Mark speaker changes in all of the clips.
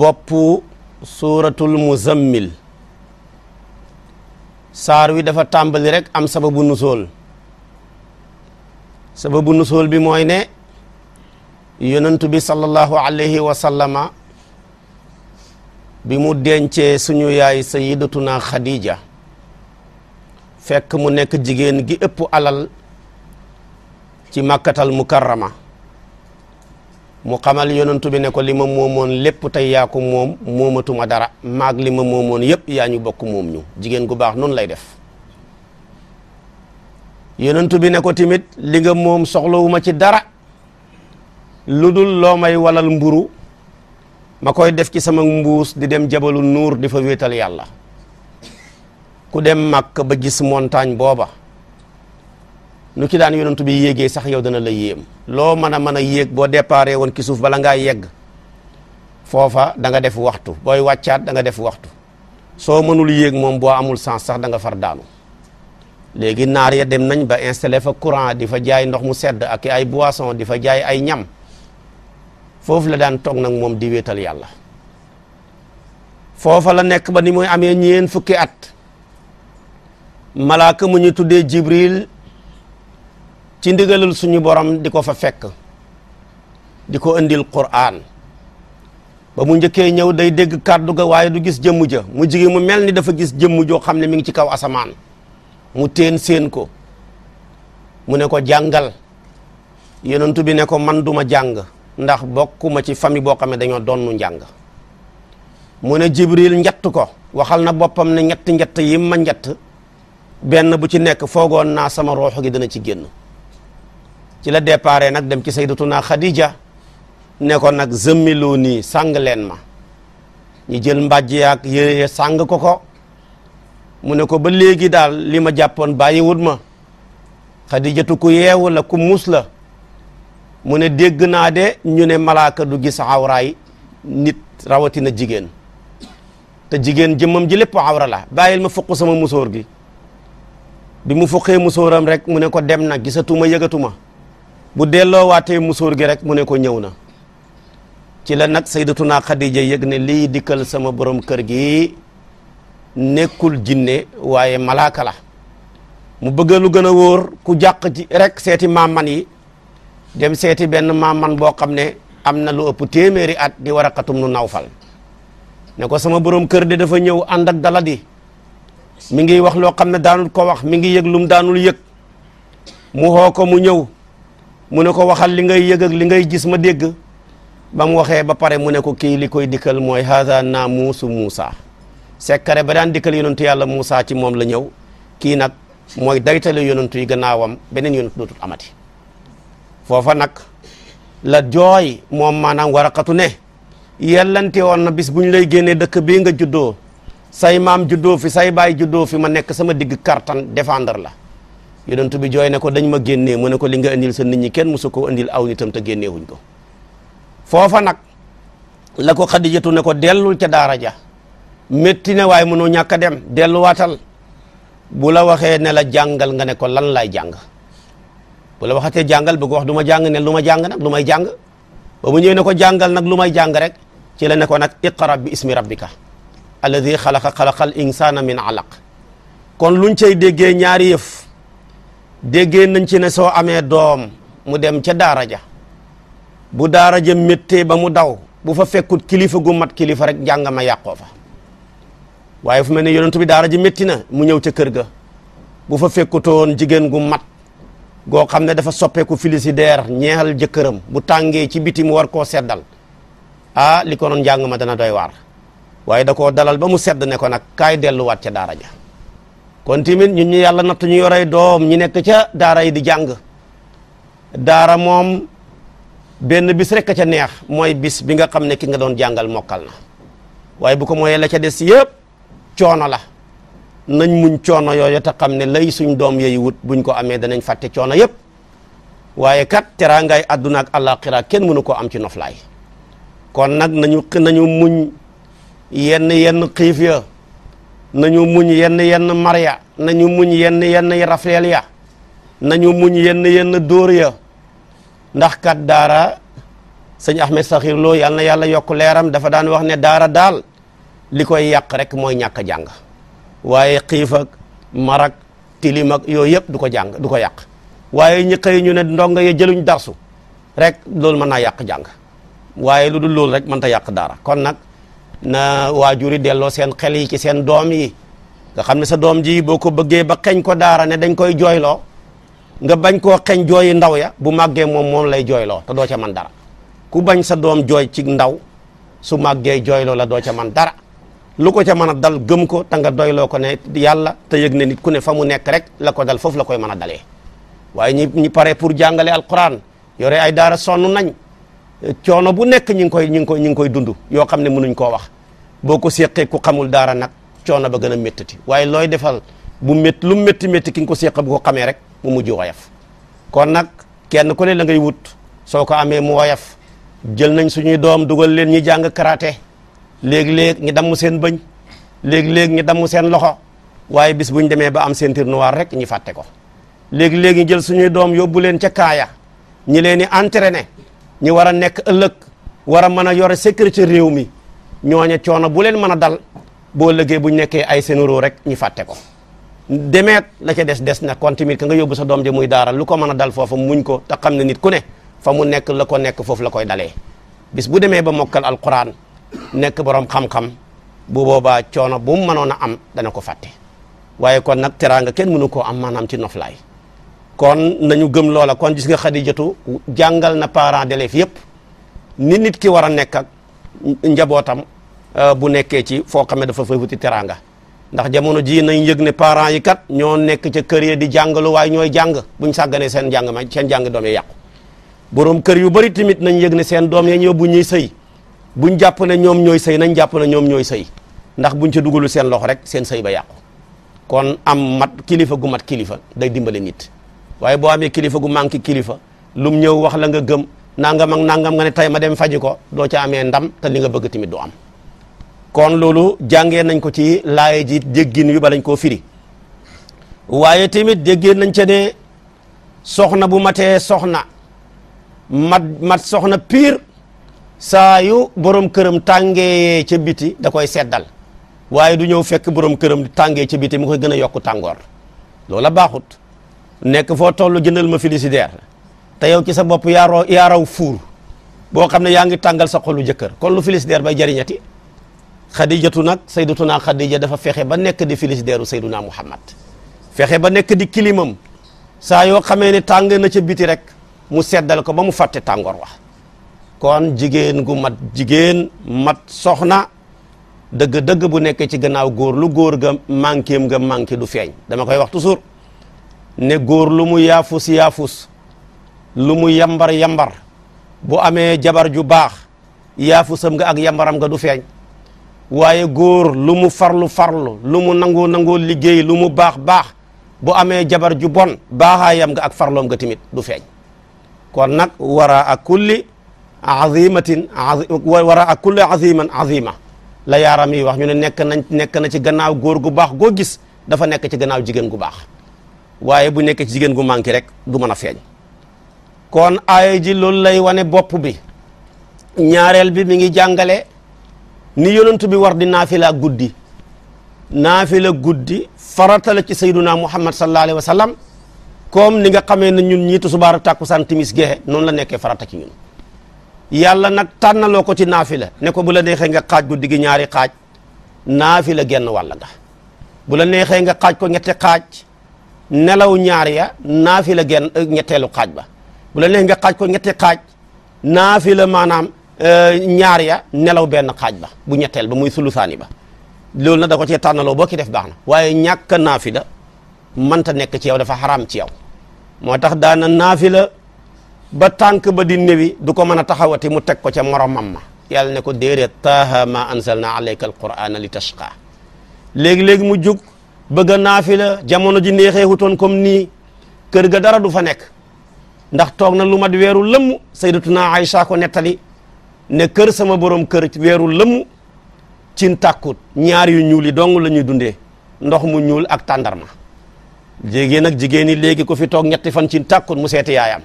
Speaker 1: boppu suuratul muzammil saar wi dafa tàmbali rekk am sababu nusool sababu nusool bi mooy ne yonentu bi sallallahu alayhi wa sallama bi mu dencee suñu yaay sayyidatuna Khadija fekk mu nekk jigéen gi ëpp alal ci màkkatal mukarrama mu xamal yonantu bi ne ko li ma moomoon lépp tey yaa ko moom moomatuma dara maag li ma moomoon yëpp yaa ñu bokk moom ñu jigéen gu baax noonu lay def yonantu bi ne ko tamit li nga moom soxlawuma ci dara lu dul loo may walal mburu ma koy def ci sama mbuus di dem jabalu nuur di fa wéetal yàlla ku dem màkk ba gis montagne booba nu ki daan yonantu bi yéegee sax yow dana la yéem loo mën a mën a yéeg boo déparé woon ki suuf bala ngaa yegg foofa danga def waxtu booy wàccaat da nga def waxtu soo mënul yéeg moom boo amul sens sax danga nga far daanu léegi naar ya dem nañ ba installé fa courant di fa jaay ndox mu sedd ak ay boisson di fa jaay ay ñam foofu la daan toog nag moom di wéetal yàlla foofa la nekk ba ni muy amee ñeen fukki at malaaka mu ñu tuddee Jibril ci ndigalal suñu borom di ko fa fekk di ko indil quraan ba mu njëkkee ñëw day dégg kàddu ga waaye du gis jëmm ja mu jigi mu mel ni dafa gis jëmm joo xam ne mi ngi ci kaw asamaan mu teen seen ko mu ne ko jàngal yonentu bi ne ko man duma jàng ndax bokkuma ci famille boo xam ne dañoo donnu njàng mu ne jibril njett ko waxal na boppam ne ñett-ñett yi ma njett benn bu ci nekk foogoon naa sama roox gi dana ci génn ci la départ nag dem ci sayyidatuna Khadija ne ko nag zëmmiloo nii sàng leen ma ñu jël mbàjj yaag yére sàng ko ko mu ne ko ba léegi daal li ma jàppoon bàyyiwut ma Xadijatu ku yee la ku muus la mu ne dégg naa de ñu ne malaaka du gis awraay nit rawatina jigéen te jigéen jëmmam ji lépp awra la bàyyil ma fuq sama musóor gi bi mu fuqee musóoram rek mu ne ko dem na gisatuma yëgatuma bu delloowaatee musóor gi rek mu ne ko ñëw na ci la nag sayyidatuna Khadija yëg ne lii dikkal sama borom kër gi nekkul jinne waaye malaaka la mu bëgg lu gën a wóor ku jàq ci rek seeti maaman yi dem seeti benn maam maaman boo xam ne am na lu ëpp téeméeri at di war a xatum nawfal ne ko sama borom kër de dafa ñëw ànd ak daladi mi ngi wax loo xam ne daanul ko wax mi ngi yëg lum daanul yëg mu xoo ko mu ñëw mu ne ko waxal li ngay yëg li ngay gis ma dégg ba mu waxee ba pare mu ne ko kii li koy dikkal mooy haza naamuusu Muusa sekkare ba daan dikkal yonentu yàlla Muusa ci moom la ñëw kii nag mooy daytale yonentu yi gannaawam beneen yonentu dootul amati foofa nag la jooy moom maanaam waraqatu ne yellante woon na bis bu ñu lay génnee dëkk bii nga juddoo say maam juddoo fi say baay juddoo fi ma nekk sama digg kartan défendre la yonent bi jooy ne ko dañ ma génnee mu ne ko li nga indil sa nit ñi kenn mosu ko indil aw nitam te génneewuñ ko foofa nag la ko xadijatu ne ko dellul ca daara ja métti ne waaye mënoo ñàkk a dem delluwaatal bu la waxee ne la jàngal nga ne ko lan laay jàng bu la waxatee jàngal bu ko wax du ma jàng ne lu ma jàng nag lu may jàng ba mu ñëwee ne ko jàngal nag lu may jàng rek ci la ne ko nag iqra bi ismi rabbika alladi xalaqa xalaqal insana min alaq kon luñ ñaari yëf déggee nañ ci ne soo amee doom mu dem ca daara ja bu daara ja méttee ba mu daw bu fa fekkut kilifa gu mat kilifa rek njàngama yàqoo fa waaye fu mel ne yonent bi daara ji métti na mu ñëw ca kër ga bu fa fekkutoon jigéen gu mat goo xam ne dafa soppeeku félicitaire ñeexal jëkkëram bu tàngee ci biti war koo seddal ah li ko noon njàng dana doy war waaye da koo dalal ba mu sedd ne ko nag kaay delluwaat ca daara ja kon tamit ñun ñu yàlla natt ñu yorey doom ñu nekk ca daara yi di jàng daara moom benn bis rek ca neex mooy bis bi nga xam ne ki nga doon jàngal mokkal na waaye bu ko mooyee la ca des yëpp coono la nañ muñ coono yooyu te xam ne lay suñ doom yooyu wut buñ ko amee danañ fàtte coono yëpp waaye kat teraangaay àdduna ak àllaaxira kenn mënu ko am ci noflaay kon nag nañu nañu muñ yenn yenn xiif ya nañu muñ yenn yenn mar ya nañu muñ yenn yenn rafeel ya nañu muñ yenn yenn dóor ya ndax kat daara sëñ Ahmed Sakhir Lo yal na yàlla yokk leeram dafa daan wax ne daara daal li koy yàq rek mooy ñàkk a waaye xiif ak marak tilim ak yooyu yëpp du ko jàng du ko yàq waaye ñi xëy ñu ne ndongo ya jëluñ darsu rek loolu mën naa yàq jàng waaye lu du loolu rek mën ta yàq daara na waajur yi delloo seen xel yi ci seen doom yi nga xam ne sa doom ji boo ko bëggee ba xeñ ko daara ne dañ koy jooyloo nga bañ koo xeñ jooyi ndaw ya bu màggee moom moom lay jooyloo te doo ca man dara ku bañ sa doom jooy ci ndaw su màggee jooyloo la doo ca man dara lu ko ca mën a dal gëm ko te nga doyloo ko ne yàlla te yëg ne nit ku ne fa mu nekk rek la ko dal foofu la koy mën a dalee waaye ñi ñi pare pour jàngale alquran yore ay daara sonn coono bu nekk ñi ngi koy ñi ngi koy ñi ngi koy dund yoo xam ne mënuñ koo wax boo ko séqee ku xamul dara nag coono ba gën a méttati waaye looy defal bu métti lu métti métti ki nga ko séqa bu ko rek mu mujj woyaf kon nag kenn ku ne la ngay wut soo ko amee mu woyaf jël nañ suñuy doom dugal leen ñi jàng karaté léegi-léeg ñi damm seen bëñ léegi-léeg ñi damm seen loxo waaye bis bu ñu demee ba am ceinture noire rek ñi fàtte ko léegi-léeg ñi jël suñuy doom yóbbu leen ca kaaya ñi leen di entraîné ñi war a nekk ëllëg war a mën a yore sécurité réew mi ñooñe coono bu leen mën a dal boo lëggee bu ñu nekkee ay sénéroo rek ñu fàtte ko demeet la ca des des na kon tamit ka nga yóbbu sa doom je muy daara lu ko mën a dal foofa muñ ko te xam ne nit ku ne fa mu nekk la ko nekk foofu la koy dalee bis bu demee ba mokkal alquran nekk boroom xam-xam bu boobaa coono bu mu mënoon a am dana ko fàtte waaye kon nag teraanga kenn mënu ko am maanaam ci noflaay kon nañu gëm loola kon gis nga xadijatu jàngal na parents d'élèves yëpp ni nit ki war a nekk ak njabootam euh, bu nekkee ci foo xam ne dafa fay wuti teraanga ndax jamono ji nañ yëg ne parent yi kat ñoo nekk ca kër ya di jàngalu waaye ñooy jàng buñ sàgganee seen jàng ma seen jàng yàqu boroom kër yu bari tamit nañ yëg ne seen doom ya ñëw bu ñuy sëy buñ jàpp ne ñoom ñooy sëy nañ jàpp ne ñoom ñooy say ndax buñ ca dugalu seen loxo rek seen sëy ba yàqu kon am mat kilifa gu mat kilifa day dimbale nit waaye boo amee kilifa gu manqué kilifa lum ñëw wax la nga gëm nangam ak nangam nga ne tay ma dem faji ko doo ci amee ndam te li nga bëgg tamit du am kon loolu jàngee nañ ko ci laaye ji déggin wi ba lañ koo firi waaye tamit déggee nañ ca ne soxna bu matee soxna mat mat soxna pire saa yu borom këram tàngee ca biti da koy seddal waaye du ñëw fekk borom këram tàngee ca biti mu koy gën a yokku tàngoor loola baaxut nekk foo toll jëndal ma frigidaire te yow ci sa bopp yaaroo yaaraw fuur boo xam ne yaa ngi tàngal sa xolu jëkkër kon lu frigidaire bay jariñati xadijatu nag sayyidatuna xadija dafa fexe ba nekk di frigidaire sayyiduna muhammad fexe ba nekk di kilimam saa yoo xamee ne tàng na ca biti rek mu seddal ko ba mu fàtte tàngoor wa kon jigéen gu mat jigéen mat soxna dëgg-dëgg bu nekk ci gannaaw góor lu góor ga manquém nga manqué du feeñ dama koy wax toujours ne góor lu mu yaafus yaafus lu mu yambar yambar bu amee jabar ju baax yaafusam nga ak yambaram nga du feeñ waaye góor lu mu farlu farlu lu mu nangoo nangoo liggéey lu mu baax baax bo amee jabar ju bon yam nga ak farloom ga tamit du feeñ kon nag wara a kulli azimatin wara a kulli aziman azima la yaaram yi wax ñu ne nekk nañ nekk na ci gannaaw góor gu baax goo gis dafa nekk ci gannaaw jigéen gu baax waaye bu nekkee ci jigéen gu manqué rek du mën a feeñ kon aaya ji loolu lay wane bopp bi ñaareel bi mi ngi jàngale ni yonent bi war di naafila guddi naafila guddi farata la ci sayyiduna muhammad sallallahu alayhi wa sallam comme ni nga xamee ne ñun ñiitu subaar tàkkusaan santimis gexe noonu la nekkee farata ci ñun yàlla nag tànnaloo ko ci naafila ne ko bu la neexee nga xaaj guddi gi ñaari xaaj naafila genn wàll nga bu la neexee nga xaaj ko ñetti xaaj nelaw ñaar ya naafila genn euh, ñetteelu xaaj ba bu la neex nga xaaj ko ñetti xaaj naafila maanaam euh, ñaar ya nelaw benn xaaj ba bu ñetteel ba muy sulusaani ba loolu na da ko cee tànnaloo boo ki def baax na waaye ñàkk naafila mënta nekk ci yow dafa xaraam ci yow moo tax daana naafila ba tànk ba di néwi du ko mën a taxawati mu teg ko ca moromam ma yàlla ne ko déedéet taaha ma anzalna alayka alqur'ana li tashqa léegi-léegi mu jug bëgg a naafila jamono ji neexee hutoon comme nii kër ga dara du fa nekk ndax toog na lu mat weeru lëmm sayyidatuna Aïcha ko nettali ne kër sama borom kër weeru lëmm cin tàkkut ñaar yu ñuul yi dong la ñuy dundee ndox mu ñuul ak tàndarma jéegée nag jigéen ñi léegi ko fi toog ñetti fan cin tàkkut mu seeti yaayam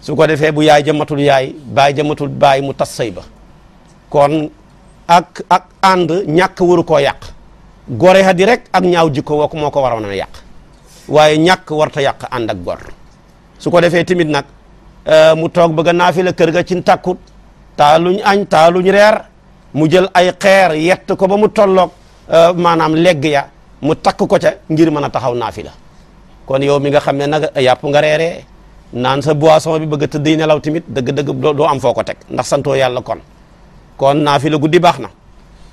Speaker 1: su ko defee bu yaay jëmatul yaay baay jëmatul baay mu tas sëy ba kon ak ak ànd ñàkk waru koo yàq gore hadi rek ak ñaaw jikko wooku moo ko waroon a yàq waaye ñàkk warta yàq ànd ak gor su ko defee tamit nag euh, mu toog bëgg a naafila kër ga ci tàkkut taaluñ añ taaluñ reer mu jël ay xeer yett ko ba mu tolloog euh, maanaam legg ya mu takk ko ca ngir mën a taxaw naafila kon yow mi nga xam ne nag yàpp nga reeree naan sa boisson bi bëgg a tëdd nelaw tamit dëgg-dëgg doo am foo ko teg ndax santoo yàlla kon kon naafila guddi baax na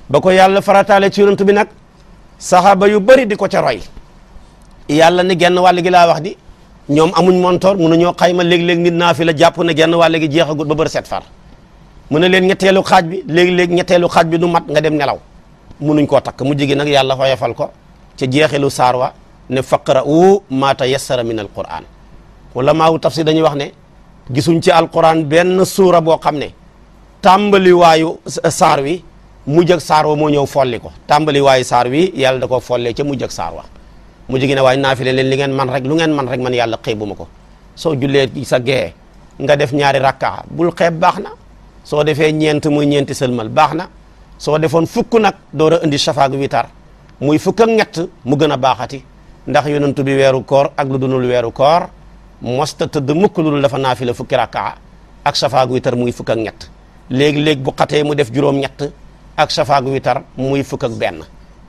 Speaker 1: ba ko yàlla farataale saxaaba yu bëri di ko ca roy yàlla ni genn wàll gi laa wax di ñoom amuñ montoor mënuñoo xayma léeg-léeg nit naa fi la jàpp ne genn wàll gi jeexagut ba bër set far mu ne leen ñetteelu xaaj bi léeg-léeg ñetteelu xaaj bi du mat nga dem nelaw munuñ koo takk mu jigi nag yàlla xoyofal ko ca jeexeelu saar wa ne faqra'u ma tayassara min alquran ulama wu tafsir dañuy wax ne gisuñ ci alquran benn suura boo xam ne tàmbali waayu saar wi mujj ak saar wa moo ñëw folli ko tàmbali waaye saar wi yàlla da koo follee ca mujj ak saar wa mujj gi ne waaye naafile leen li ngeen man rek lu ngeen man rek man yàlla xeebu ma ko soo jullee sa gee nga def ñaari rakka bul xeeb baax na soo defee ñeent muy ñeenti sëlmal baax na soo defoon fukk nag door indi shafaag witar muy fukk ak ñett mu gën a baaxati ndax yonentu bi weeru koor ak lu dunul weeru koor mosta tëdd mukk lu dul dafa naafile fukki rakka ak shafaag witar muy fukk ak ñett léegi-léeg bu mu def juróom ak safaak witar muy fukk ak benn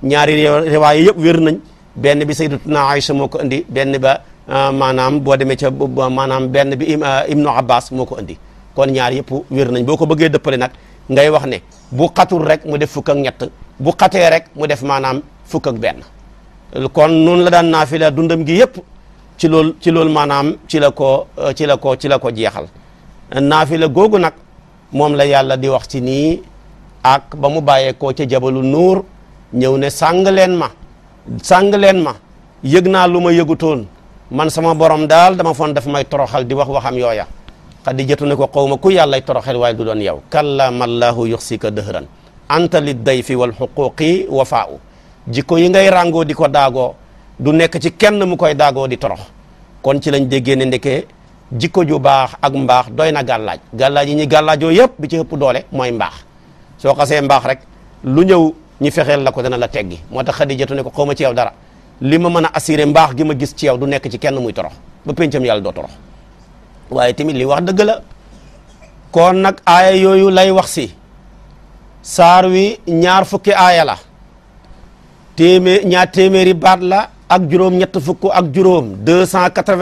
Speaker 1: ñaari riwaaya yëpp wér nañ benn bi sayyidatuna Aïcha moo ko indi benn ba euh, maanaam boo demee ca maanaam benn bi euh, Ibnu Abbas moo ko indi kon ñaar yëpp wér nañ boo ko bëggee dëppale nag ngay wax ne bu xatul rek mu def fukk ak ñett bu xatee rek mu def maanaam fukk ak benn kon noonu la daan naafila dundam gi yëpp ci lool ci loolu maanaam ci la ko ci la ko ci la ko jeexal naafila nag moom la yàlla di wax ci nii ak ba mu bàyyeekoo ca jabalu nuur ñëw ne sàng leen ma sàng leen ma yëg naa lu ma yëgutoon man sama borom daal dama foon daf may toroxal di wax waxam yooya di xadijatu ne ko xaw ma ku yàllay toroxal waaye du doon yow kalla mallaahu yuxsika dëhran anta lid dayfi wal xuquqi wafaau jikko yi ngay ràngoo di ko daagoo du nekk ci kenn mu koy daagoo di torox kon ci lañ déggee ne ndeke jikko ju baax ak mbaax doy na gàllaaj gàllaaj yi ñi gàllaajoo yëpp bi ci ëpp doole mooy mbaax soo xasee mbaax rek lu ñëw ñi fexeel la ko dana la teggi moo tax xadijatu ne ko xaw ma ci yow dara lii ma mën a assuré mbaax gi ma gis ci yow du nekk ci kenn muy torox ba pencam yàlla doo torox waaye tamit li wax dëgg la kon nag aaya yooyu lay wax si saar wi ñaar fukki aaya la téeméer ñaar téeméeri baat la ak juróom ñett fukk ak juróom deux cent quatre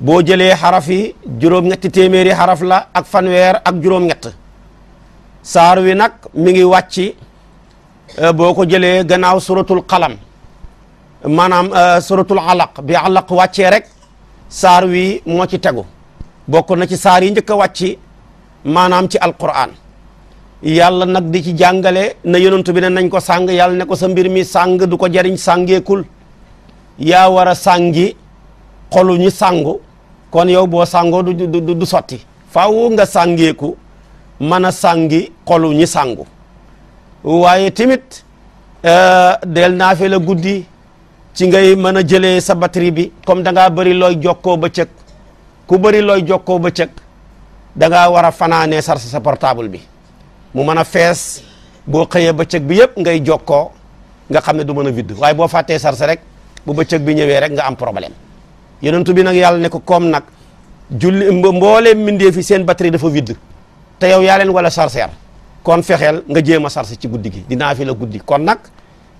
Speaker 1: boo jëlee xaraf yi juróom ñetti téeméeri xaraf la ak fanweer ak juróom ñett saar wi nag mi ngi wàcc euh, boo ko jëlee gannaaw suratul qalam maanaam euh, suratul alaq bi alaq wàccee rek saar wi moo ci tegu bokk na ci saar yi njëkk a wàcc maanaam ci alquran yàlla nag di ci jàngale na yonent bi ne nañ ko sàng yàlla ne ko sa mbir mi sàng du ko jariñ sàngeekul yaa war a sàngi xolu ñu sàngu kon yow boo sàngoo du sotti faaw nga sàngeeku mën a sàngi xolu ñi sàngu waaye tamit euh, del naafe la guddi ci ngay mën a jëlee sa batterie bi comme da ngaa bëri looy jokkoo bëccëg ku bëri looy jokkoo ba cëg ngaa war a fanaanee sar sa portable bi mu mën a fees boo xëyee bëccëg bi yëpp ngay jokkoo nga xam ne du mën a vidd waaye boo fàttee sarse rek bu bëccëg bi ñëwee rek nga am problème yonentu bi nag yàlla ne ko koom nag julli mbooleem mbindee fi seen batterie dafa vidd te yow yaa leen wala sarseer kon fexeel nga jéem a sarse ci guddi gi dinaa fi la guddi kon nag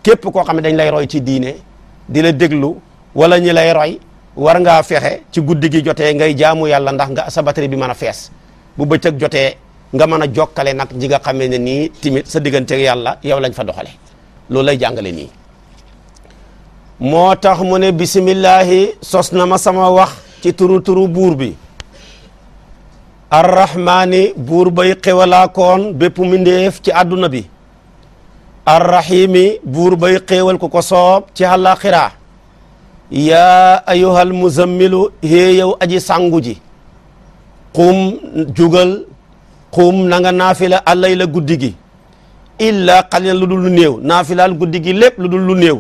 Speaker 1: képp koo xam ne dañ lay roy ci diine di la déglu wala ñi lay roy war ngaa fexe ci guddi gi jotee ngay jaamu yàlla ndax nga sa batterie bi mën a fees bu bëccëg jotee nga mën a jokkale nag ñi nga xamee ne nii timit sa digganteeg yàlla yow lañ fa doxale loolu lay jàngale nii moo tax mu ne bisimillahi sos na ma sama wax ci turu turu buur bi arrahmaani buur bay xewalaakoon bépp mindeef ci àdduna bi arrahimi buur bay xéewal ku ko soob ci àllaaxira yaa ayyuhal muzammilu hee yow aji sàngu ji qum jugal qum na nga naafila àllay la guddi gi illa qalilan lu dul lu naafilaal guddi gi lépp lu dul lu néew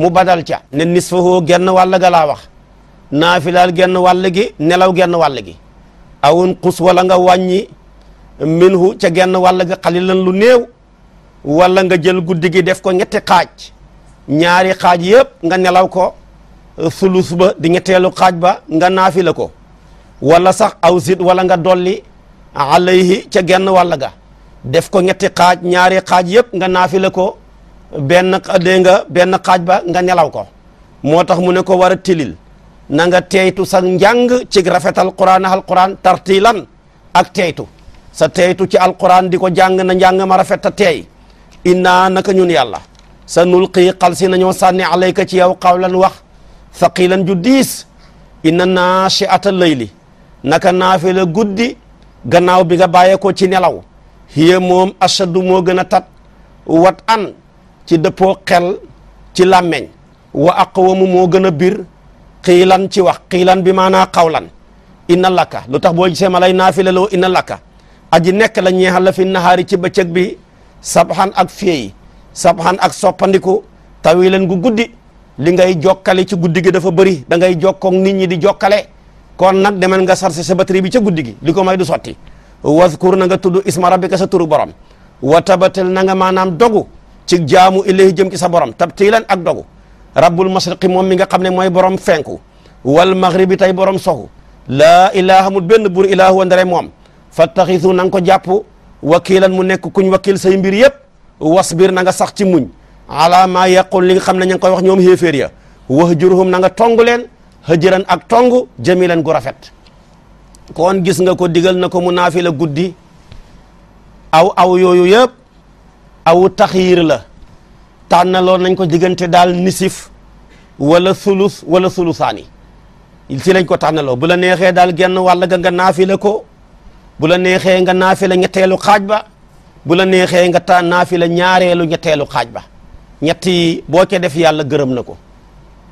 Speaker 1: mu badal ca ne nisfahu genn wàll ga laa wax naafilaal genn wàll gi nelaw genn wàll gi awun xus wala nga wàññi minhu ca genn wàll ga xalilan lu néew walla nga jël guddi gi def ko ñetti xaaj ñaari xaaj yëpp nga nelaw ko eh, sulus ba di ñetteelu xaaj ba nga naafi ko wala sax aw sit wala nga dolli alayhi ca genn wàll ga def ko ñetti xaaj ñaari xaaj yëpp nga naafi ko benn dégg nga benn xaaj ba nga nelaw ko moo tax mu ne ko war a tilil na nga teeytu sa njàng ci rafetal quran alquran tartilan ak teytu sa teytu ci alquran di ko jàng na njàng ma rafet ta teey inna naka ñun yàlla sa nulqii xal si nañoo sànni alayka ci yow xawlan wax thaqilan ju diis inna naashi'ata layli naka naafila guddi gannaaw bi nga bàyyeekoo ci nelaw hiya moom ashaddu moo gën a tat wat an ci dëppoo xel ci làmmeñ wa aqwamu moo gën a bir xiilan ci wax kiilan bi maanaa xawlan inna lakka lu tax boo gisee naa lay naafila loo inna lakka aji nekk la ñeexal la fi nahaari ci bëccëg bi sabxan ak féey sabxan ak soppandiku tawi leen gu guddi li ngay jokkale ci guddi gi dafa bëri da ngay jokkoog nit ñi di jokkale kon nag demen nga sarse sa batterie bi ca guddi gi li ko may du sotti wazkur na nga tudd isma rabbika sa turu borom wa tabatil nanga nga maanaam dogu ci jaamu ilahi jëm ci sa borom tabtilan ak dogu rabbul mashriqi moom mi nga xam ne mooy borom fenku wal maghribi tay borom soxu laa ilaha mu benn bur illah wa ndare moom fattaxisu na nga ko jàpp wakiilan mu nekk kuñ wakil say mbir yëpp wasbir na nga sax ci muñ ala maa yaqul li nga xam ne ña ngi koy wax ñoom xéeféer ya wahjurhum na nga tong leen hëjëran ak tong jamilan gu rafet kon gis nga ko digal na ko mu naafila guddi aw aw yooyu yëpp aw taxiir la tànnaloon nañ ko diggante daal nisif walla sulus wala sulusaani si lañ ko tànnaloo bu la neexee daal genn wàll ga nga naafila ko bu la neexee nga naafila ñetteelu xaaj ba bu la neexee nga ta naafila ñaareelu ñetteelu xaaj ba ñetti boo ca def yàlla gërëm na ko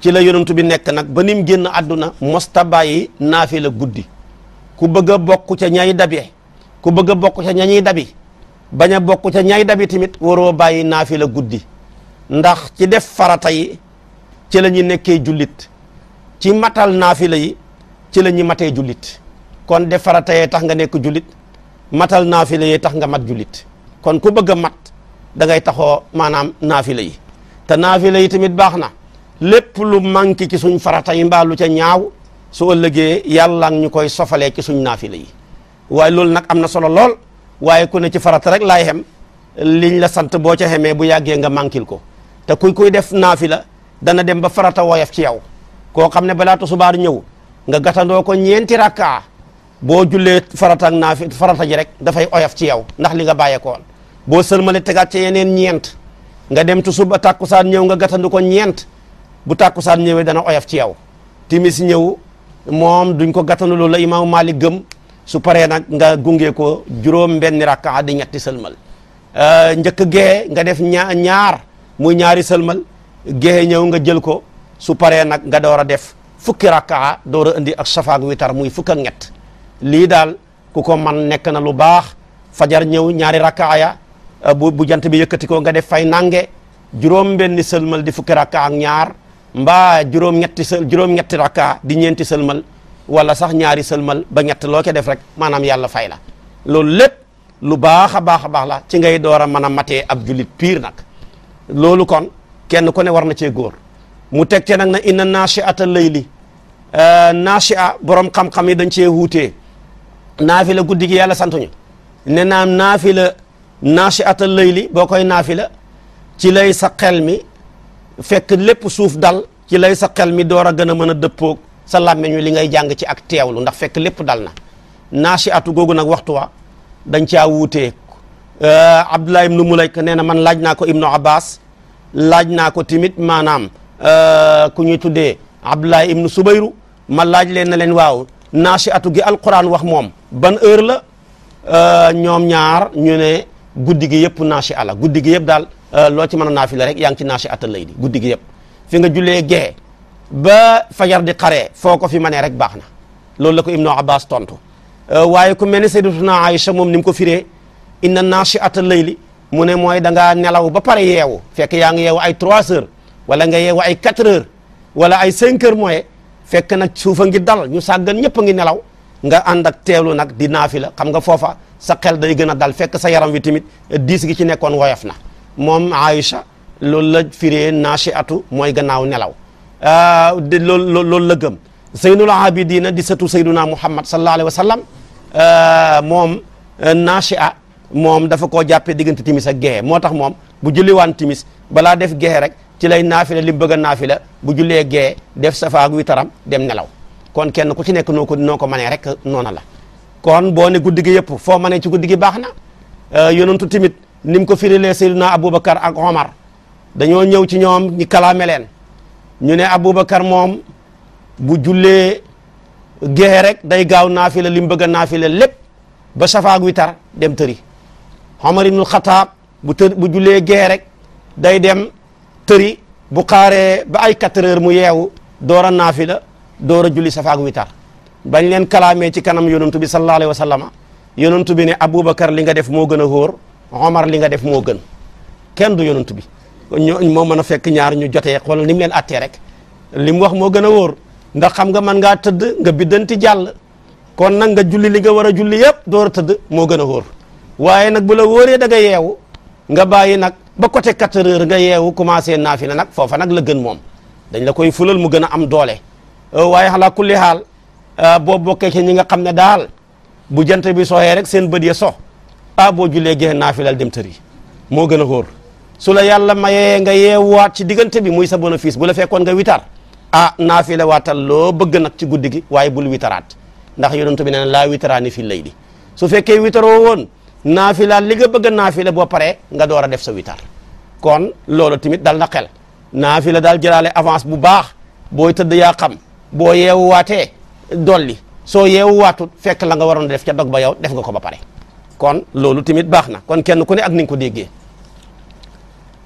Speaker 1: ci la yonent bi nekk nag ba nim génn àdduna mosta bàyyi naafila guddi ku bëgg a bokk ca ñay dabi ku bëgg a bokk ca ñañuy dabi bañ a bokk ca ñay dabi tamit waroo bàyyi naafila guddi ndax ci def farata yi ci la ñu nekkee jullit ci matal naafila yi ci la ñu matee jullit kon def farata yee tax nga nekk jullit matal naafila yee tax nga mat jullit kon ku bëgg a mat da ngay taxoo maanaam naafila yi te naafila yi tamit baax na lépp lu manqué ci suñ farata yi mbaa ca ñaaw su ëllëgee yàlla ñu koy sofalee ci suñ naafila yi waaye loolu nag am na solo lool waaye ku ne ci farata rek laay xem liñ la sant boo ca xemee bu yàggee nga manquil ko te kuy kuy def naafila dana dem ba farata woyof ci yow koo xam ne balaa tusubaar ñëw nga gàttandoo ko ñeenti rakka boo jullee farata ak naafi farata ji rek dafay oyof ci yow ndax li nga bàyyeekoon boo sëlmale tegaat ci yeneen ñeent nga dem tusuba tàkkusaan ñëw nga gàttandu ko ñeent bu tàkkusaan ñëwee dana oyof ci yow timis ñëw moom duñ ko gàttandu loolu la imaamu Maalik gëm su paree nag nga gunge ko juróom benn rakkaa di ñetti sëlmal euh, njëkk gee nga def ñaar muy ñaari sëlmal gexe ñëw nga jël ko su paree nag nga door a def fukki rakkaa door a indi ak safaak witar muy fukk ak ñett lii daal ku ko man nekk na lu baax fajar ñëw ñaari rakkaa ya euh, bu bu bi yëkkati ko nga def fay nange juróom benni sëlmal di fukki rakkaa ak ñaar mbaa juróom ñetti sël juróom ñetti rakkaa di ñeenti wala sax ñaari sëlmal ba ñett loo ko def rek maanaam yàlla fay la loolu lépp lu baax a baax a baax la ci ngay door a mën a matee ab jullit piir nag loolu kon kenn ku ne war na cee góor mu teg te nag na inna nachiata layli euh, nachia borom xam-xam yi dañ cee wuutee naafila guddi gi yàlla ñu ne naam naafila nachiata layli boo koy naafila ci lay sa xel mi fekk lépp suuf dal ci lay sa xel mi door a gën a mën a dëppoog sa làmmeñu li ngay jàng ci ak teewlu ndax fekk lépp dal na nachiatu googu nag waxtu wa dañ caa wuutee Euh, Abdullah ibnu Mulayk nee na man laaj naa ko ibnu Abbas laaj naa ko tamit maanaam euh, ku ñuy tuddee Abdullah ibnu Subayru man laaj leen na leen waaw naasiatu gi alquran wax moom ban heure la euh, ñoom ñaar ñu ne guddi gi yëpp naasi ala guddi gi yëpp daal loo ci mën a naafila rek yaa ngi ci naasi atal guddi gi yëpp fi nga julee gee ba fajar di xaree foo ko fi ma manee rek baax na loolu la ko ibnu Abbas tontu waaye ku mel ne sayyidatuna Aïcha moom ni ko inna naasi'ata layli mu ne mooy da nelaw ba pare yeewu fekk yaa ngi yeewu ay 3 heures wala nga yeewu ay 4 heures wala ay 5 heures mooy fekk nag suufa ngi dal ñu sàggan ñëpp a ngi nelaw nga ànd ak teelu nag di naafila xam nga foofa sa xel day gën a dal fekk sa yaram wi tamit diis gi ci nekkoon woyof na moom Aïcha loolu la firee atu mooy gannaaw nelaw ah, loolu loolu la gëm Zeynul Abidina di sëtu Seyduna Muhammad sallallahu alayhi wa sallam ah, moom eh, naasi'a moom dafa koo jàppee diggante timis a gee moo tax moom bu julliwaan timis balaa def gee rek ci lay naafila li mu bëgg a naafila bu jullee gee def safaak wi taram dem nelaw kon kenn ku ci nekk noo ko noo ko mënee rek noona la kon boo ne guddi gi yëpp foo manee ci guddi gi baax na euh, yonentu timit ni mu ko firilee Seydina Aboubacar ak Omar dañoo ñëw ci ñoom ñi kalaame ñu ne Aboubacar moom bu jullee gee rek day gaaw naafila li mu bëgg a naafila lépp ba safaak wi tar dem tëri Omar ibnul Xataab bu të bu julee gee rek day dem tëri bu xaaree ba ay 4 heures mu yeewu door a naafila door a julli safaak witar bañ leen kalaamee ci kanam yonantu bi sallallahu alayhi wa sallama yonantu bi ne Aboubacar li nga def moo gën a wóor Omar li nga def moo gën kenn du yonantu bi ñooñ moo mën a fekk ñaar ñu jotee wala ni mu leen attee rek li mu wax moo gën a wóor ndax xam nga mën ngaa tëdd nga biddanti jàll kon nag nga julli li nga war a julli yëpp door a tëdd moo gën a wóor waaye nag bu la wóoree da nga yeewu nga bàyyi nag ba côté 4 nga yeewu commencé naafila nag foofa nag la gën moom dañ la koy fulel mu gën a am doole euh, waaye xalaa kulli xaal euh, boo bokkee ci ñi nga xam ne daal bu jant bi soxee rek seen bët ya soo ah boo julee gee naafilal dem tëri moo gën a xóor su la yàlla mayee nga yeewuwaat ci diggante bi muy sa bénéfice bu la fekkoon nga witar ah naafila waatal loo bëgg nag ci guddi gi waaye bul witaraat ndax yonent bi ne na laa witaraani fi naafila li nga bëgg a naafila boo paree nga door a def sa witar kon loolu tamit dal na xel naafila daal jëlaale avance bu baax booy tëdd yaa xam boo yeewuwaatee dolli soo yeewuwaatut fekk la nga waroon def ca dog ba yow def nga ko ba pare kon loolu tamit baax na kon kenn ku ne ak ni nga ko déggee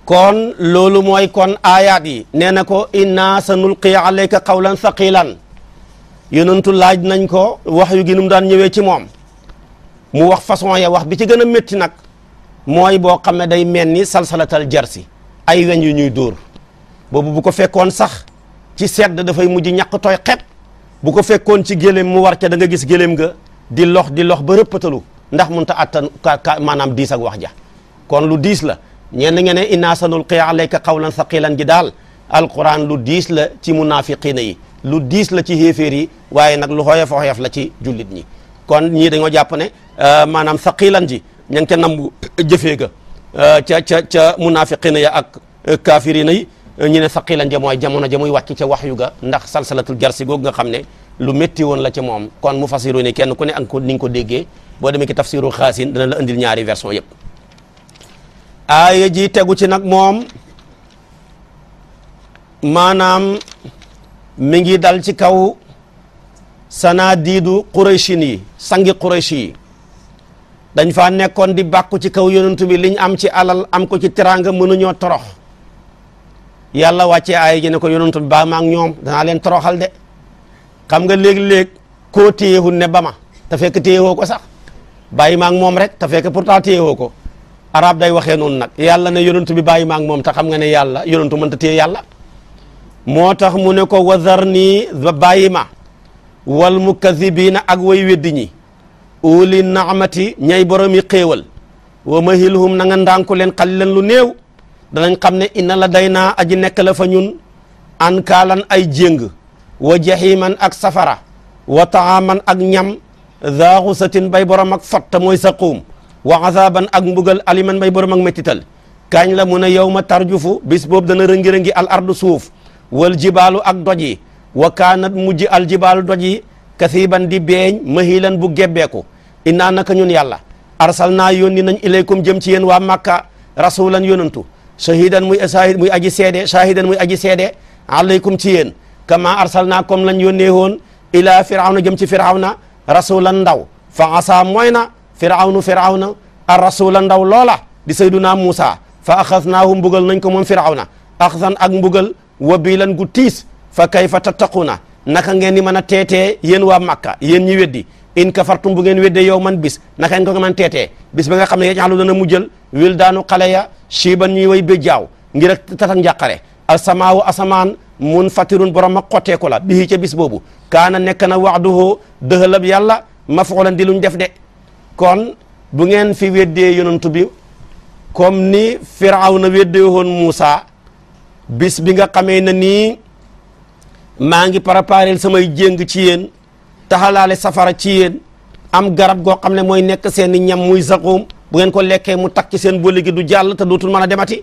Speaker 1: kon loolu mooy kon aayaat yi nee na ko inna sa nulqi alayka qawlan thaqilan yonentu laaj nañ ko wax yu gi num daan ñëwee ci moom mu wax façon ya wax bi ci gën a métti nag mooy boo xam ne day mel ni salsalatal jarsi ay weñ yu ñuy dóor boobu bu ko fekkoon sax ci sedd dafay mujj ñàkk tooy xet bu ko fekkoon ci géléem mu war ca da nga gis géléem nga di lox di lox ba rëppatalu ndax munta a attan maanaam diis ak wax ja kon lu diis la ñenn ngeen ne innaa sanulqii alayka qawlan saqilan gi daal alquran lu diis la ci munaafiqiina yi lu diis la ci xéeféer yi waaye nag lu xooyof xooyof la ci jullit ñi kon ñii dañoo jàpp ne euh, maanaam saqiilan ji ña ca nambu jëfee ga euh, ca ca ca munaafiqiina ya ak euh, kaafiriina yi ñu ne saqiilan ja mooy jamono ja muy wàcc ca waxyu ga ndax salsalatul jarsi googu nga xam ne lu metti woon la ca moom kon mu fasiru ne kenn ku ne ak ni nga ko déggee boo demee ci tafsiru xaasin dana la indil ñaari version yëpp aaya ji tegu ci nag moom maanaam mi ngi dal ci kaw sanaadiidu quraychin yi sangi quraysh yi dañ fa nekkoon di bàkku ci kaw yonent bi liñ am ci alal am ko ci teraanga mënuñoo torox yàlla wàccee aaya ji ne ko yonent bi baa ma ak ñoom danaa leen toroxal de xam nga léeg-léeg koo téyewul ne ba ma te fekk téyewoo ko sax bàyyi ma ak moom rek te fekk pourtant téyewoo ko arab day waxee noonu nag yàlla ne yonent bi bàyyi ma ak moom te xam nga ne yàlla yonent mënta téye yàlla moo tax mu ne ko wazarni ni bàyyi ma wal mukazibina ak way weddi ñi uli naamati ñay borom yi xéewal wa mahilhum na nga ndànku leen xalilan lu néew danañ xam ne inna la day naa aji nekk la fa ñun an kaalan ay jéng wa jaximan ak safara wa taaman ak ñam daa xusatin bay borom ak fatta mooy saquum wa azaban ak mbugal aliman bay borom ak méttital kaañ la mun a yow ma tarjufu bis boobu dana rëngi-rëngi al ardu suuf wal jibaalu ak doj wa kaanat mujj aljibaalu doj yi kasiiban di beeñ mahilan bu gebbeeku innaa naka ñun yàlla arsal naa yónni nañ ilaykum jëm ci yéen waa makka rasulan yonantu shahidan muy shahid muy aji seede shahidan muy aji seede alaykum ci yéen kama arsal naa comme lañ yónnee woon ilaa firawna jëm ci firawna rasulan ndaw fa asa mooy na firawnu firawna ar rasula ndaw loola di sayduna Muusa fa axasnaahu mbugal nañ ko moom firawna axsan ak mbugal wabilan gu tiis fa kayfa tattaquuna naka ngeen di mën a teetee yéen waa Makka yéen ñi weddi in kafartum bu ngeen weddee yow man bis na ngeen ko mën teetee bis ba nga xam ne yaj'alu dana mujjal wil daanu xale ya shiiban ñuy way ba jaaw ngir ak tatak njàqare asamaawu asamaan mun fatirun borom ma xotteeku la ca bis boobu kaana nekk na waxduhu dëhalab yàlla mafulan di luñ def de kon bu ngeen fi weddee yonantu bi comme ni Firawna weddee woon Muusa bis bi nga xamee na nii maa ngi préparé samay jéng ci yéen taxalaale safara ci yéen am garab goo xam ne mooy nekk seen ñam muy saxoom bu ngeen ko lekkee mu takk seen bële gi du jàll te dootul mën a demati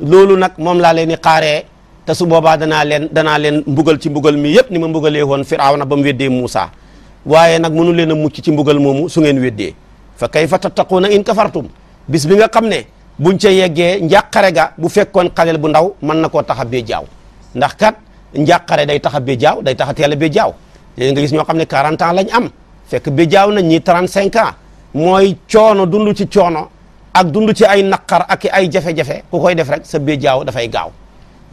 Speaker 1: loolu nag moom laa leen di xaaree te su boobaa danaa leen danaa leen mbugal ci mbugal mi yëpp ni ma mbugalee woon Firawna ba mu weddee Muusa waaye nag mënu leen a mucc ci mbugal moomu su ngeen weddee fa kayfa tattaquuna in kafartum bis bi nga xam ne buñ ca yeggee njàqare ga bu fekkoon xaleel bu ndaw mën na koo tax a bee jaaw ndax njàqare day tax a béjaaw day tax teela teel a béjaaw léegi nga gis ñoo xam ne 40 ans lañ am fekk béjaaw nañ ñi 35 ans mooy coono dund ci coono ak dund ci ay naqar ak ay jafe-jafe ku koy def rek sa béjaaw dafay gaaw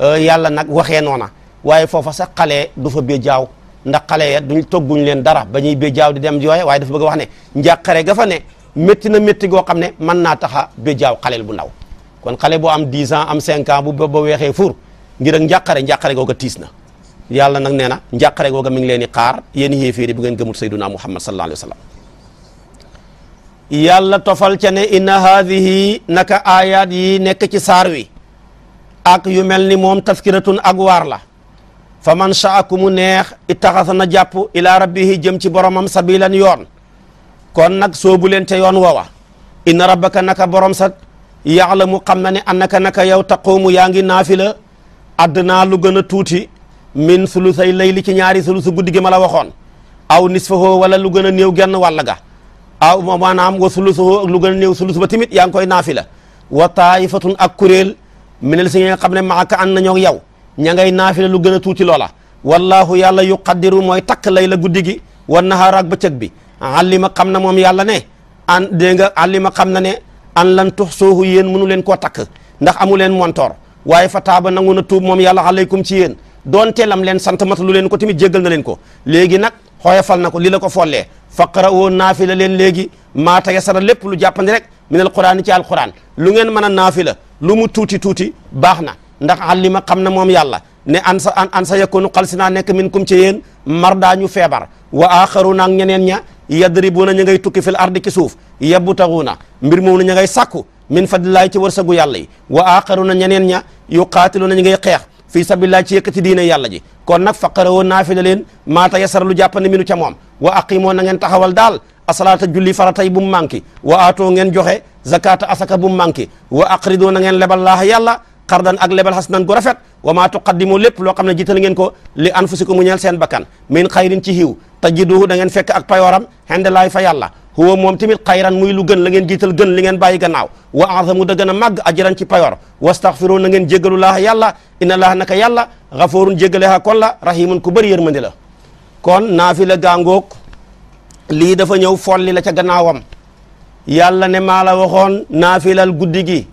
Speaker 1: euh, yàlla nag waxee noona waaye foofa sax xale du fa béjaaw ndax xale ya duñ togguñ leen dara ba ñuy béjaaw di dem yooye waaye dafa bëgg wax ne njàqare ga fa ne métti na métti goo xam ne mën naa tax a béjaaw xaleel bu ndaw kon xale boo am 10 ans am 5 bu ba weexee fur ngir ak njàqare njàqare googa tiis na yàlla nag nee na njàqare googa mi ngi leen di xaar yéen yéeféeri bu ngeen gëmul sayduna muhammad sallallahu alayhi wa sallam yàlla tofal ca ne inna haadihi naka aayaat yi nekk ci saar wi ak yu mel ni moom taskiratun ak waar la fa man chaa ku mu neex ittaxasa na jàpp ila rabbihi jëm ci boromam sabilan yoon kon nag soobu leen te yoon woowa inna rabbaka naka borom sa mu xam na ne annaka naka yow taqumu yaa ngi naafila addnaa lu gën a tuuti min sulusay layli ci ñaari sulusu guddi gi ma la waxoon aw nisfahu wala lu gën a néew genn wàll ga aw maanaam wa sulusuhu ak lu gën a néew sulus ba tamit yaa ngi koy naafila wa taifatun ak kuréel minel si nga xam ne ma ànd nañoo yow ña ngay naafila lu gën a tuuti loola wallahu yàlla yuqaddiru mooy takk lay la guddi gi wa nahaar ak bëccëg bi ma xam na moom yàlla ne an dégg nga ma xam na ne an lan tuxsuuhu yéen mënu leen koo takk ndax amu leen montoor waaye fa taaba nangu na tuub moom yàlla aleykum ci yéen doonte lam leen sant matalu leen ko tamit jéggal na leen ko léegi nag xooyafal na ko li la ko follee faqara oo naafila leen léegi maa tayassara lépp lu jàppandi rek min alquraan ci alquraan lu ngeen mën a naafila lu mu tuuti tuuti baax na ndax ma xam na moom yàlla ne an sa an sa yakunu xal si naa nekk min kum ci yéen mar daa ñu feebar wa axaruna ak ñeneen ña yadribuuna ña ngay tukki fil ardi ci suuf yabtaxuuna mbir moom na ña ngay sàkku min fadlillahi ci wërsëgu yàlla yi wa aqaruna ñeneen ña yuqaatilu na ñu ngay xeex fii sabilillah ci yëkkati diine yàlla ji kon nag wo naafila leen maata yasar lu jàppandi minu ca moom wa aqimoo na ngeen taxawal daal asalaata julli faratay bu mu manqué wa aatoo ngeen joxe zakata asaka bu mu manqué wa aqridoo na ngeen lebal laax yàlla xardan ak lebal xas nan rafet wa maa tuqaddimu lépp loo xam ne jiital ngeen ko li anfusikum mu ñeel seen bakkan min xayrin ci xiw tajiduhu fa yàlla huwa moom tamit xayran muy lu gën la ngeen jiital gën li ngeen bàyyi gannaaw wa azamu da gën a màgg ajran ci payoor wastaxfiru na ngeen jéggalu laaha yàlla inna laaha naka yàlla xafoorun jéggaleha kon la rahimun ku bëri yërmande la kon naafila gaangoog lii dafa ñëw folli la ca gannaawam yàlla ne maala la waxoon naafilal guddi gi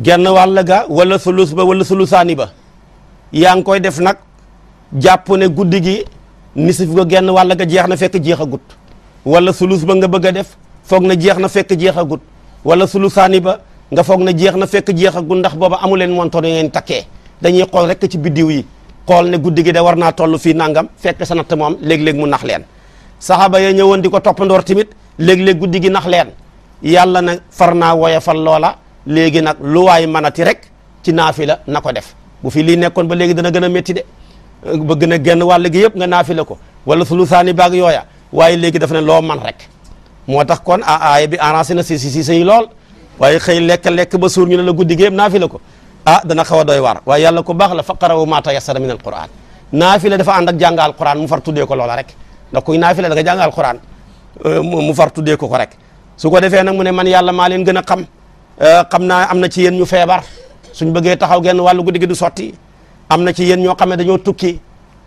Speaker 1: genn wàll ga wala sulus ba wala ni ba yaa ngi koy def nag jàpp ne guddi gi nisif ga genn wàll ga jeex na fekk jeex agut wala sulus ba nga bëgg a def foog na jeex na fekk jeexagut wala sulusaani ba nga foog na jeex na fekk jeexagut ndax booba amu leen montor yi ngeen takkee dañuy xool rek ci biddiw yi xool ne guddi gi de war naa toll fii nangam fekk sa natt moom léeg-léeg mu nax leen saxaaba ya ñëwoon di ko toppandoor tamit léeg-léeg guddi gi nax leen yàlla na far naa woyofal loola léegi nag luwaay waay mënati rek ci naafila na ko def bu fi lii nekkoon ba léegi dana gën a métti de ba gën a wàll gi yëpp nga naafila ko wala sulusaani baag yooya waaye léegi dafa ne loo man rek moo tax kon a aaya bi na si si si say lool waaye xëy lekk-lekk ba suur ñu ne la guddi géem naafila ko ah dana xaw doy war waaye yàlla ko baax la faqaraw ma tayassara min alquran naafila dafa ànd ak jàng alquran mu far tuddee ko loola rek ndax naa naafila da nga jàng alquran mu far tuddee ko ko rek su ko defee nag mu ne man yàlla maa leen gën a xam euh, xam naa am na ci yéen ñu feebar suñ bëggee taxaw genn wàllu guddi du sotti am na ci yéen ñoo xam ne dañoo tukki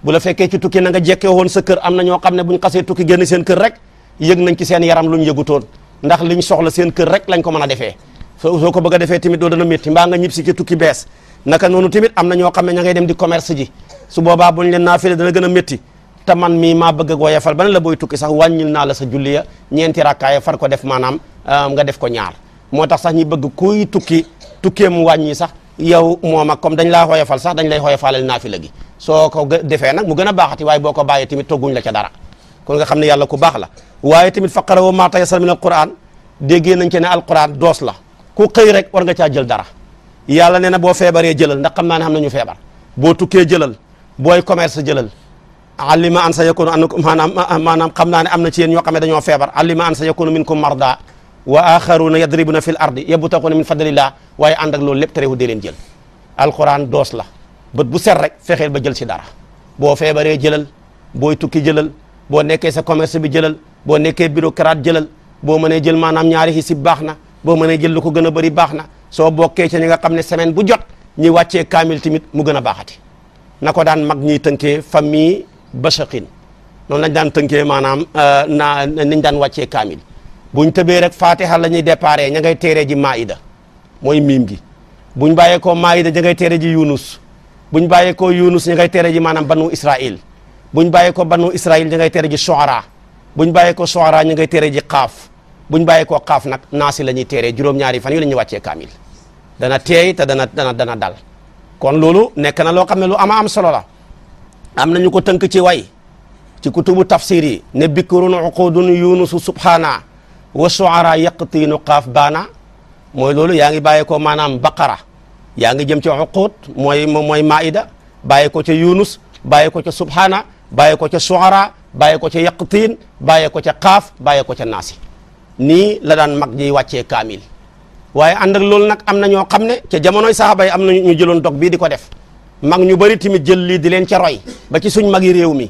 Speaker 1: bu la fekkee ci tukki na nga jekkee woon sa kër am na ñoo xam ne buñ xasee tukki génn seen kër rek yëg nañ ci seen yaram luñ yëgutoon ndax liñ soxla seen kër rek lañ ko mën a defee soo soo ko bëgg a defee tamit doo dana métti mbaa nga ñib si ci tukki bees naka noonu tamit am na ñoo xam ne ña ngay dem di commerce ji su boobaa buñ leen naafile dana gën a métti te man mii maa bëgg a woyefal ba ne la booy tukki sax wàññil naa la sa julli ya ñeenti rakkaaya far ko def maanaam euh, nga def ko ñaar moo tax sax ñi bëgg kuy tukki tukkee mu wàññi sax yow moom ak comme dañ laa xooyafal sax dañ lay xooyafaalal naafila gi soo ko defee nag mu gën a baaxati waaye boo ko bàyyee tamit togguñ la ca dara kon nga xam ne yàlla ku baax la waaye tamit faqara ma tayassara min alquran déggee nañ ci ne alquran doos la ku xëy rek war nga caa jël dara yàlla nee na boo feebaree jëlal ndax xam naa ne xam nañu feebar boo tukkee jëlal booy commerce jëlal alima an sa yakunu annakum maanaam maanaam xam naa ne am na ci yéen ñoo xam ne dañoo feebar alima an sa yakunu minkum marda wa axaruna yadribuna fil ardi yabtaquna min fadlillah waaye ànd loolu lépp terewul dee leen jël alquran doos la bët bu set rek fexeel ba jël si dara boo feebaree jëlal booy tukki jëlal boo nekkee sa commerce bi jëlal boo nekkee bureaucrate jëlal boo mënee jël maanaam ñaari xisib baax na boo mënee jël lu ko gën a bari baax na soo bokkee ci ñi nga xam ne semaine bu jot ñi wàccee kaamil tamit mu gën a baaxati na ko daan mag ñi tënkee famille bashaqin noonu lañ daan tënkee maanaam euh, na niñ daan wàccee kaamil buñ tëbee rek fatiha la ñuy déparé ña ngay teeree ji maida mooy miim gi buñ bàyyee koo maida ña ngay teeree ji yunus buñ bàyyee ko Yunus ñi ngay tere ji maanaam banu Israil buñ bàyyee ko banu Israil ñi ngay tere ji Shuara buñ bàyyee ko Shuara ñi ngay tere ji Qaaf buñ bàyyee ko Qaaf nag naasi la ñuy teree juróom-ñaari la ñuy wàccee kaamil dana teey te dana dana dana dal kon loolu nekk na loo xam ne lu ama am solo la am nañu ko tënk ci way ci kutubu tafsir yi ne bikrun uqudun yunusu subhana wa shuara yaqtiinu qaaf baana mooy loolu yaa ngi bàyyee ko maanaam baqara yaa ngi jëm ci xuquut mooy mooy maida bàyyi ko ca yunus bàyyi ko ca subhana bàyyi ko ca suara bàyyi ko ca yaqtin bàyyi ko ca xaaf bàyyi ko ca naasi nii la daan mag ñiy wàccee kaamil waaye ànd ak loolu nag am na ñoo xam ne ca jamonoy saxaaba yi am na ñu jëloon dog bii di ko def mag ñu bari tamit jël lii di leen ca roy ba ci suñ magi réew mi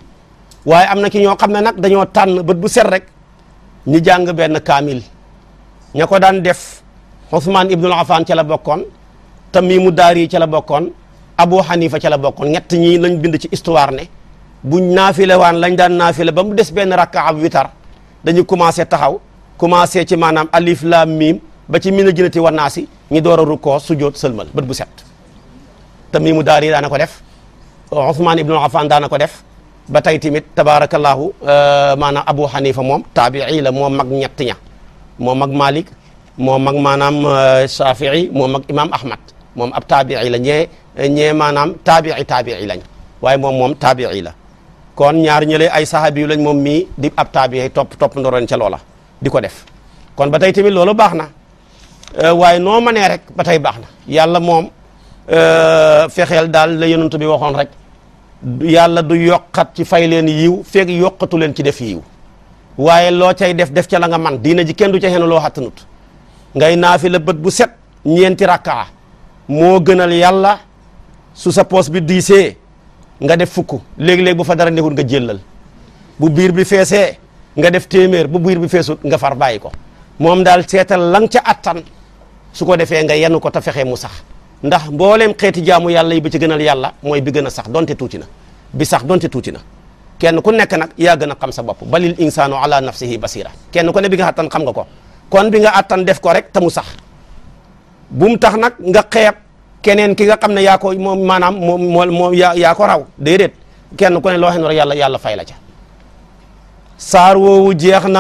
Speaker 1: waaye am na ki ñoo xam ne nag dañoo tànn bët bu set rek ñu jàng benn kaamil ña ko daan def Ousmane Ibnul Affan la bokkoon Tamiimu Daari ca la bokkoon Abu Hanifa ca la bokkoon ñett ñi lañ bind ci histoire ne buñ naafile waan lañ daan naafile ba mu des benn rakka ab witar dañu commencé taxaw commencé ci maanaam alif laam miim ba ci mina jinati wa naasi ñi door a rukkoo sujjoot sëlmal bët bu set Tamiimu Daari daana ko def Ousmane Ibnu ko def ba tey tamit tabaarakallaahu euh, maanaam Abu Hanifa moom taabii la moo mag ñetti ña moo mag Malik moo mag maanaam euh, Shafii moo mag imaam Ahmad moom ab taabii la ñee ñee maanaam taabii taabii lañ waaye moom moom taabii la kon ñaar ñële ay sahabi yu lañ moom mii di ab taabii topp topp ndoroon ca loola di ko def kon ba tey tamit loolu baax na euh, waaye noo nee rek ba tey baax na yàlla moom euh, fexeel daal la yonent bi waxoon rek yàlla du yokkat ci fay leen yiw feeg yokkatu leen ci def yiw waaye loo cay def def ca la nga man diina ji kenn du ca xenu loo xattanut ngay naafi la bët bu set ñeenti rakkaa moo gënal yàlla su sa poos bi diisee nga def fukk léeg-léeg bu fa dara nekkul nga jëlal bu biir bi feesee nga def téeméer bu biir bi feesut nga far bàyyi ko moom daal seetal lang ca attan su ko defee nga yenn ko ta fexe mu sax ndax mbooleem xeeti jaamu yàlla yi ba ci gënal yàlla mooy bi gën a sax donte tuuti na bi sax donte tuuti na kenn ku nekk nag yaa gën a xam sa bopp balil insaanu ala nafsihi basira kenn ku ne bi nga attan xam nga ko kon ko rek te bu mu tax nag nga xeeb keneen ki nga xam ne yaa ko moom maanaam moom moo moom yaa yaa ko raw déedéet kenn ku ne loo xam ne yàlla yàlla fay la ca na